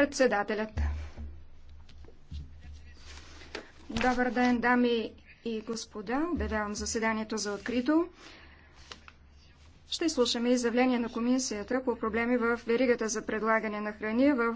Председателят. Добър ден, дами и господа. Обявявам заседанието за открито. Ще слушаме изявление на комисията по проблеми в веригата за предлагане на храни в